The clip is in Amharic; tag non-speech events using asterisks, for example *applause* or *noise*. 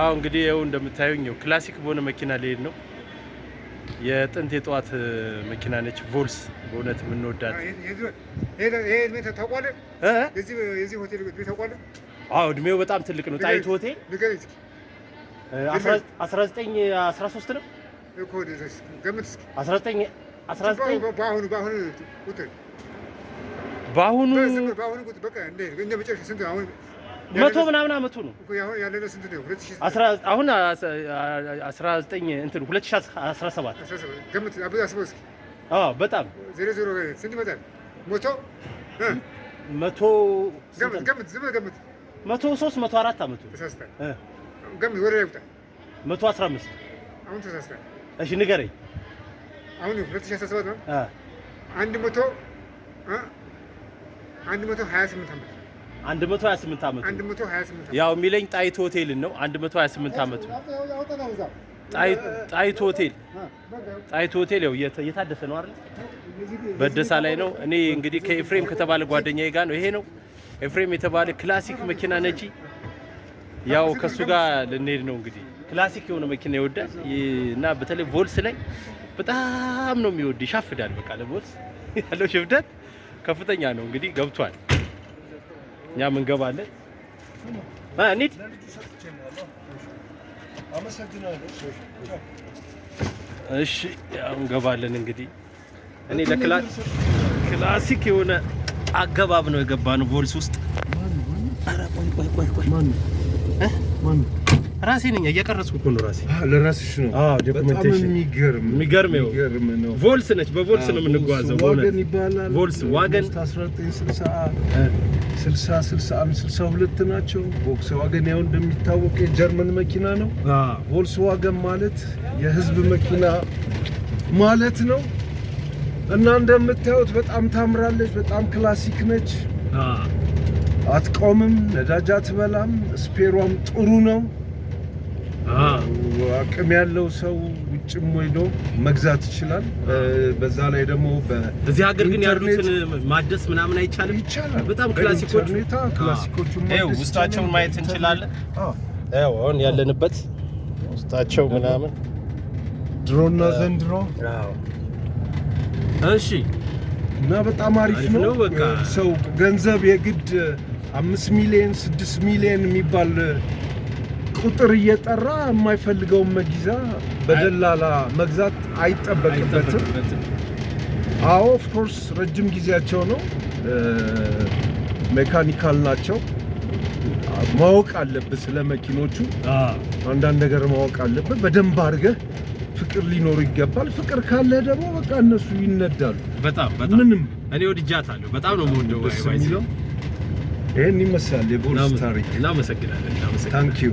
አዎ እንግዲህ ይኸው እንደምታዩኝ ክላሲክ በሆነ መኪና ሊሄድ ነው። የጥንት የጠዋት መኪና ነች ቮልስ። በእውነት የምንወዳት እድሜው በጣም ትልቅ ነው። ጣይቱ ሆቴል 1913 ነው። በአሁኑ መቶ ምናምን አመቱ ነው። አሁን አስራ ዘጠኝ እንትን ሁለት ሺህ አስራ ሰባት በጣም መቶ መቶ ሶስት መቶ አራት አመቱ መቶ አስራ አምስት እሺ ንገረኝ። አሁን 2017 ነው። አንድ መቶ አንድ መቶ 28 አመት 128 ዓመቱ ያው የሚለኝ ጣይት ሆቴል ነው። 128 ዓመቱ ጣይት ሆቴል ጣይት ሆቴል ያው እየታደሰ ነው አይደል? በደሳ ላይ ነው። እኔ እንግዲህ ከኤፍሬም ከተባለ ጓደኛዬ ጋር ነው ይሄ ነው ኤፍሬም የተባለ ክላሲክ መኪና ነጂ። ያው ከሱ ጋር ልንሄድ ነው እንግዲህ ክላሲክ የሆነ መኪና ይወዳል እና በተለይ ቮልስ ላይ በጣም ነው የሚወድ። ይሻፍዳል። በቃ ለቮልስ *laughs* ያለው ሽፍደት ከፍተኛ ነው። እንግዲህ ገብቷል። እኛም እንገባለን። እንሂድ። እሺ ያው እንገባለን። እንግዲህ እኔ ለክላሲክ የሆነ አገባብ ነው የገባነው ቮልስ ውስጥ። ኧረ ቆይ ቆይ ቆይ ቆይ ራሴ ነኝ እየቀረጽኩ እኮ ነው። ራሴ ለራስሽ ነው። አዎ ዶክመንቴሽን የሚገርም የሚገርም ነው። ቮልስ ነች። በቮልስ ነው የምንጓዘው። ቮልስ ዋገን 1960 አምስት ስልሳ 62 ናቸው። ቮልክስዋገን ያው እንደሚታወቅ የጀርመን መኪና ነው። ቮልክስዋገን ማለት የህዝብ መኪና ማለት ነው እና እንደምታዩት በጣም ታምራለች። በጣም ክላሲክ ነች። አትቆምም፣ ነዳጅ አትበላም። ስፔሯም ጥሩ ነው። አቅም ያለው ሰው ውጭም ሄዶ መግዛት ይችላል። በዛ ላይ ደግሞ እዚህ ሀገር ግን ያሉትን ማደስ ምናምን አይቻልም። በጣም ክላሲኮቹ ውስጣቸውን ማየት እንችላለን። አሁን ያለንበት ውስጣቸው ምናምን ድሮና ዘንድሮ እሺ እና በጣም አሪፍ ነው። ሰው ገንዘብ የግድ አምስት ሚሊዮን ስድስት ሚሊዮን የሚባል ቁጥር እየጠራ የማይፈልገውን መጊዛ በደላላ መግዛት አይጠበቅበትም። አዎ ኦፍኮርስ ረጅም ጊዜያቸው ነው፣ ሜካኒካል ናቸው። ማወቅ አለብህ ስለ መኪኖቹ አንዳንድ ነገር ማወቅ አለብህ በደንብ አድርገህ ፍቅር ሊኖሩ ይገባል። ፍቅር ካለ ደግሞ በቃ እነሱ ይነዳሉ። በጣም በጣም ምንም እኔ ወድጃታለሁ። በጣም ነው የምወደው ይህን ይመስላል የቦርስ ታሪክ። እናመሰግናለን። ታንኪዩ